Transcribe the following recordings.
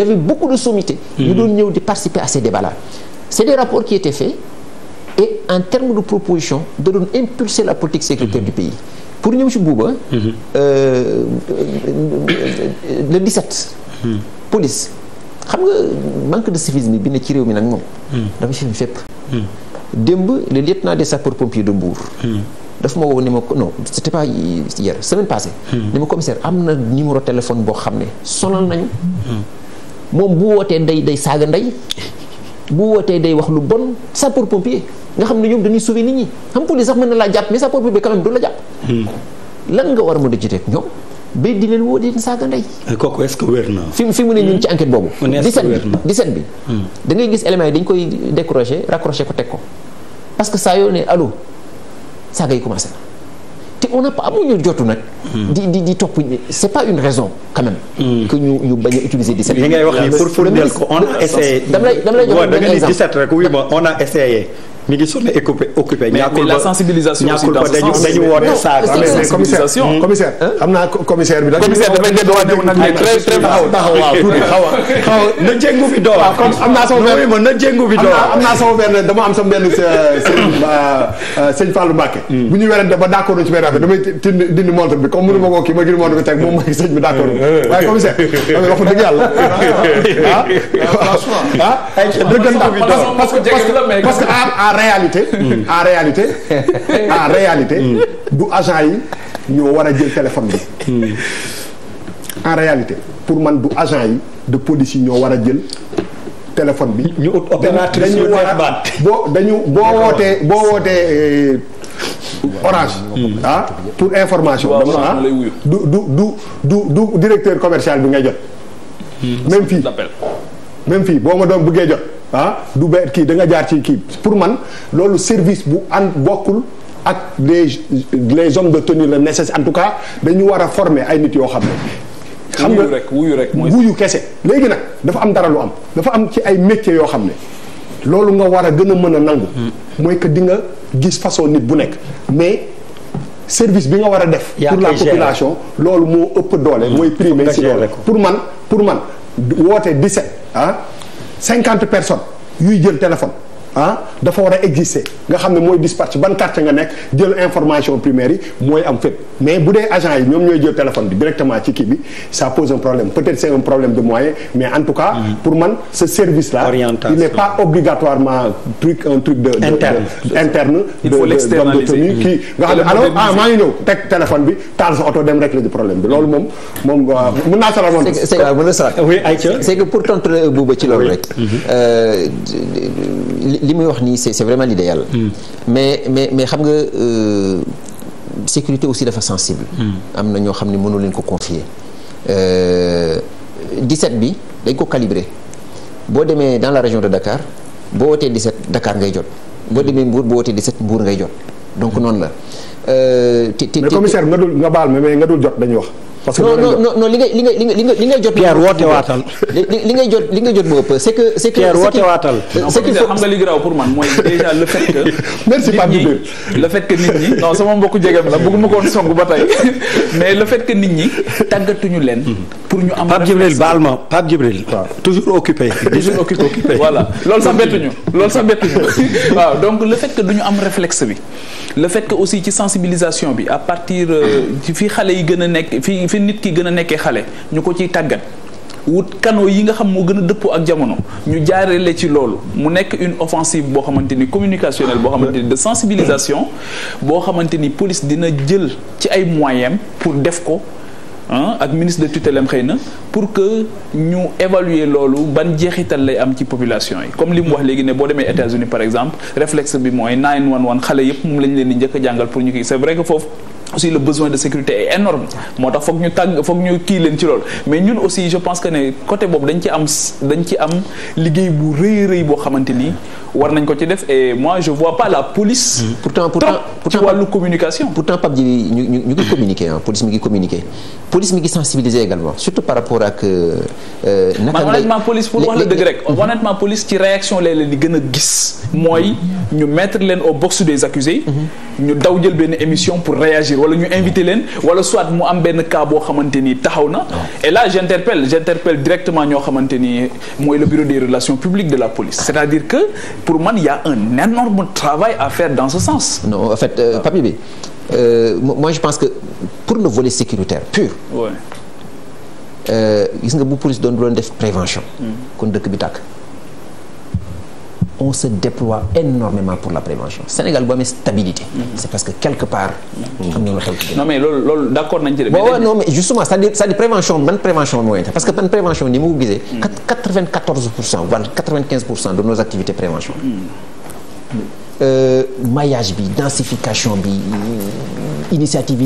y avait beaucoup de sommités. ñu mhm. doon ñëw di participer à ces débats-là. c'est des rapports qui étaient faits et en terme de proposition da doon impulser la politique sécuritaire mhm. pour ñëw ci buuba. le 17. Mhm. police xam nga manque de civisme bi ne ci réew mi nag moom. dafa ci fépp. démb le lieutenant des sapeurs pompiers de Mbour. dafa ma woo ni ma ko non c'était pas semaine passée. ni ma commissaire am na numéro téléphone boo xam ne sonal nañu. moom bu wootee day day saaga ndey bu wootee day wax lu bon sapeur pompier nga xam ne ñoom dañuy sauver nit ñi xam police sax mën na laa jàpp mais sapeur pompier quand même du la jàpp. Hmm. lan nga war a mën a jotee ñoom ba di leen woo di leen saaga kooku est-ce que fi fi mu ñu ngi ci hmm. enquête boobu. mu ne 17 bi 17 hmm. gis éléments yi dañ koy décrocher raccrocher ko teg ko parce que saa yoo ne allo saaga yi commencé on n'a pas amuñu jotu nag. Hmm. di di di topp c'est pas une raison quand même. Hmm. que ñu ñu bañ a utiliser 17. li ngay wax nii pour pour ko on a essayé. dama lay dama lay jox benn exemple rek oui on a essayé. ñu ngi sonné occupé occupé. ñàkkul ba la sensibilisation aussi dans ce sens dañu woote saa mais commissaire commissaire xam naa commissaire bi. commissaire dafay dédouané nag mais très très xaw waaw tuuti xaw a xaw na jéngu bi door. waaw comme am naa sama benn ma na jéngu bi door. am naa sama benn dama am sama benn sëñ sëñ Fallou Mbacke. bu ñu werante ba d'accord ci benn affaire damay dindi dindi montre bi comme mënu ma koo kii ma gën montre bi teg moom mooy sëñ bi d'accord waaye commissaire wax dëgg yàlla ah ah dëggantaan parce que parce que réalité. Hmm. en réalité en réalité. Hmm. du agent yi ñoo war a jël téléphone bi. Hmm. en réalité pour man du agent yi de police yi ñoo war a jël. téléphone bi ñu ut opératrice dañu a boo dañu boo wootee boo wootee euh, orange. Ah, pour information. dama du du du du du directeur commercial bi ngay jot. même fii même fii boo ma doon bëggee jot. ah du ber kii da nga jaar ci kii pour man loolu service bu ànd bokkul ak les les hommes de tenue la nécessaire en tout cas dañu war a former ay nit yoo xam ne. nga wuyu rek wuyu rek mooy wuyu kese. léegi nag dafa am dara lu am dafa am ci ay métiers yoo xam ne loolu nga war a gën a mën a nangu. Hmm. mooy que di nga gis façon nit bu nekk mais. service bi nga war a def. pour la population loolu moo ëpp doole. Hmm. mooy primer si doole pour man pour man woote 17 ah. cinquante personnes yuy jël téléphone ah dafa war a exister nga xam ne mooy dispatch ban quartier nga nekk jël information primaire yi mooy am fépp mais bu dee agent yi ñoom ñooy jël téléphone bi directement ci kii bi ça pose un problème peut-être c'est un problème de moyen mais en tout cas. pour man ce service là. il n'est pas obligatoirement truc un de. interne interne. il faut l'externaliser de de kii nga xam ne alors ah maa ngi ñëw teg téléphone bi taal sa oto dem rek la di problème bi loolu moom moom mën naa sa remonter. c'est que c'est pour tontu Bouba ci loolu rek. li muy wax nii c'est c'est vraiment l'idéal hmm. mais mais mais xam nga euh, sécurité aussi dafa sensible hmm. am na ñoo xam ne mënu leen ko confier euh, set bi dañ ko calibré boo demee dans la région de Dakar boo di 17 dakaar ngay jot boo demee Mbour boo wootee 17 Mbour ngay jot donc hmm. noonu la. Euh, te te mais commissaire nga dul nga baal ma mais nga dul jot dañuy wax. parce que non non non li ngay li ngay li ngay ngay jot. Pierre woote waatal. li ngay jot li ngay moo ëpp c'est que c'est que. Pierre woote waatal. c'est que xam nga li graw pour man mooy déjà le que. merci que nit ñi non sama mbokku jegem la bëgguma ko woon ba tey mais le que nit ñi tàggatuñu leen. pour ñu am Pape Djibril baal ma Pape Djibril. toujours occupé. toujours occupé voilà loolu sax bettuñu loolu sax bettuñu waaw donc le fait que ñu am réflexe bi. le fait aussi ci sensibilisation bi à partir euh, ci fi xale yi gën a nekk fi fi nit ki gën a nekkee xale ñu ko ciy tàggat wut canaux yi nga xam moo gën a dëppoo ak jamono ñu jaarale ci loolu mu nekk une offensive boo xamante ni communicationnelle boo xamante ni de sensibilisation boo xamante ni police dina jël ci ay moyens pour def ko ah ak ministre de tutelle am xëy na pour que ñu évaluer loolu ban jeexital lay am ci population yi comme li wax léegi ne boo demee États-Unis par exemple réflexe bi mooy 911 xale yëpp moom lañ leen di njëkk a jàngal pour ñu kii c'est vrai que foofu aussi le besoin de sécurité est énorme moo tax foog ñu tàgg foog ñu kii leen ci lool mais ñun aussi je pense que ne côté boobu dañ ci am dañ ci am liggéey bu rëy rëy boo xamante ni war nañ ko ci def et moi je vois pas la police. Mmh. pourtant ci wàllu communication. pourtant Pape Djibi ñu ñu ngi communiquer ah police mi ngi communiquer police mi ngi sensibiliser également surtout par rapport ak. Euh, euh, naka honnêtement police pour wax la dëgg rek police ci réaction lay leen di gën a gis. mooy ñu mettre leen au box des accusés mmh. ñu daw jël benn émission pour réagir. wala ñu invité leen wala soit mu am benn cas boo xamante ni taxaw na et là j'interpelle j'interpelle directement ñoo xamante ni mooy le bureau des relations publiques de la police c'est-à-dire que pour man y a un énorme travail à faire dans ce sens non en fait euh, bi euh, moi je pense que pour le volet sécuritaire pur euh, gis nga bu police doon doon def prévention mm. kon dëkk bi tàkk on se déploie énormément pour la prévention Sénégal bu amee stabilité. Mhm. c'est parce quelque part. am na lu d'accord nañ ci de. mais justement c'est-à-dire cest à parce que man prévention ni ma ko mhm. de nos activités prévention. Mhm. Euh, maillage bi densification bi initiative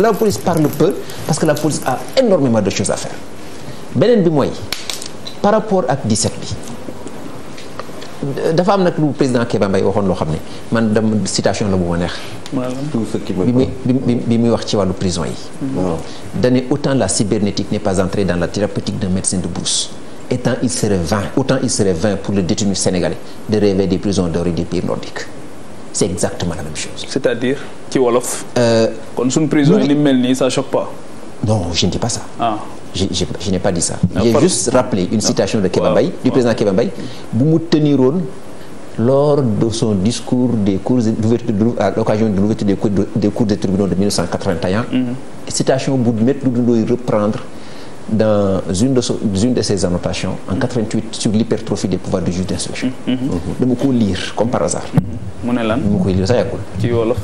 la police parle peu parce que la police a énormément de choses à faire beneen bi mooy par rapport ak 17 bi. dafa am nag lu président Kéba Mbaye waxoon loo xam ne man dama citation la bu ma neex. bi muy wax ci wàllu prison yi. dane autant la cybernétique n'est pas entrée dans la thérapeutique d'un médecin de brousse et tant il serait vain autant il serait vain pour le détenu sénégalais de rêver des prisons dorées des pays nordiques c'est exactement la même chose. c'est-à-dire ci wolof. Euh, kon suñu prison yi li mel ni sa choque pas. non je ne dis pas ça. Ah. je je, je n'ai pas dit ça. j'ai juste rappelé une citation de Kéba Mbaye du président Kéba Mbaye bu mu teniroon lors de son discours des cours d'ouverture à l'occasion de l'ouverture des cours des cours des tribunaux de 1981. Mm-hmm. citation bu Maître Doudou Ndoye reprendre. dans une de, so, une de ses annotations, en 88, sur l'hypertrophie des pouvoirs du juge d'instruction. Mm-hmm. dama ko lire comme par hasard. Mm-hmm. mu ne lan mu koy lire ci wolof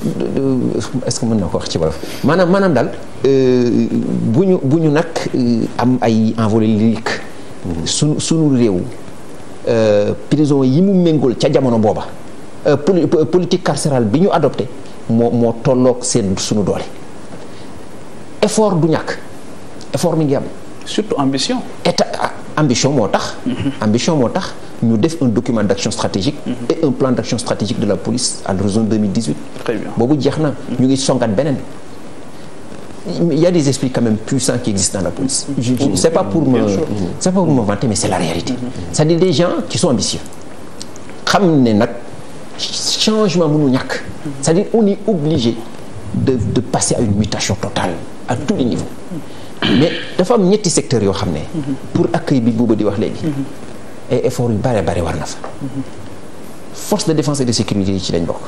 est na ko wax ci wolof. maanaam maanaam daal euh, bu ñu bu ñu nag euh, am ay envolée lyrique. Mm-hmm. su sunu réew euh, prison yi mu méngool ca jamono booba. politique carcérale bi ñu adopté moo moo tolloog seen sunu doole effort du ñakk effort mi ngi am. surtout ambition. état moo tax. Mhm. ambition moo tax ñu def un document d' action stratégique. Mhm. et un plan d' stratégique de la police à l'horizon boobu jeex na. Mhm. ñu ngi songaat beneen. il y a des esprits quand même puissants qui existent dans la police. c'est pas pour me c'est pas pour me vanter mais c'est la réalité. cest dire des gens qui sont ambitieux. xam ne nag changement mënu ñàkk. cest dire on est obligé de de passer à une mutation totale à tous les niveaux. mais dafa am ñetti secteur yoo xam ne. pour accueil bi boobu di wax léegi. ay effort yu bare bare war na fa. force de défense et de sécurité yi ci lañ bokk.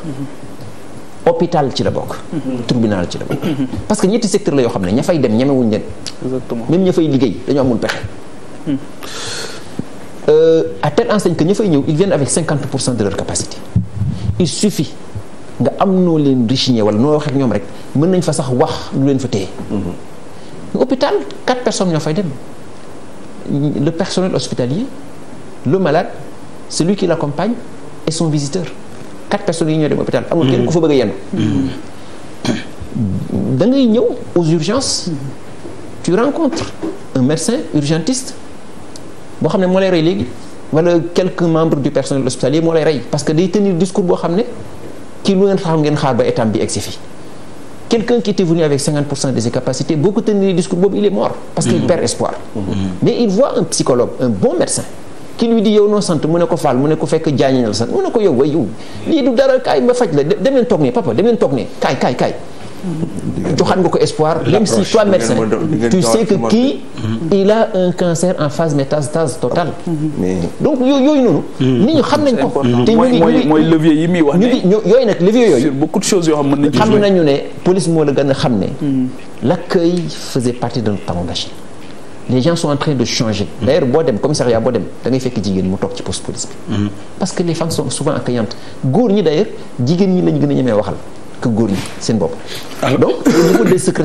hôpital ci la bokk. tribunal ci la bokk. parce que ñetti secteur la yoo xam ne ña fay dem ñemewuñ leen. exactement même ña fay liggéey dañoo amul pexe. Euh, à telle enseigne que ña fay ñëw ils viennent avec cinquante pour cent de leur capacité. il suffit nga am noo leen richigner wala noo wax ak ñoom rek mën nañ fa sax wax lu leen fa téye. hôpital quatre personnes ñoo fay dem le personnel hospitalier le malade celui qui l'accompagne et son visiteur quatre personnes yi ñoo dem hôpital amul kenn ku fa bëgg a yenn da ngay ñëw aux urgences tu rencontres un médecin urgentiste boo xam ne moo lay rey léegi wala quelques membres du personnel hospitalier moo lay rey parce que day tenir discours boo xam ne kii lu ngeen xam ngeen xaar ba état bi egsi fi quelqu'un qui était venu avec 50% de ses capacités boo ko tenir le discours boobu il est mort parce qu'il mm-hmm. perd espoir mm-hmm. mais il voit un psychologue un bon médecin ki lui di yow noo sant mu ne ko faal mu ne ko fekk jaañañ la sant mu ne ko yow way yow lii du dara kaay ma faj la demeen toog ne papa demeen toog ne kaay kaay kaay joxaat nga ko espoir même si toi médecin tu sais que kii il a un cancer en phase métastase totale donc yooyu yooyu noonu mm. nit ñu xam nañ ko te ñu ngi yi muy wax ñu yooyu nag levier yooyu beaucoup de choses yoo xam mën nañ xam nañu ne police moo la gën a xam ne mm. l'accueil faisait partie de notre talon d'Achille les gens sont en train de changer mm. d'ailleurs boo dem commissariat boo dem da ngay fekk jigéen mu toog ci poste police bi parce que les femmes sont souvent accueillantes góor ñi d'ailleurs jigéen ñi lañu gën a ñemee waxal que góor ñi seen bopp. donc au niveau des secrets.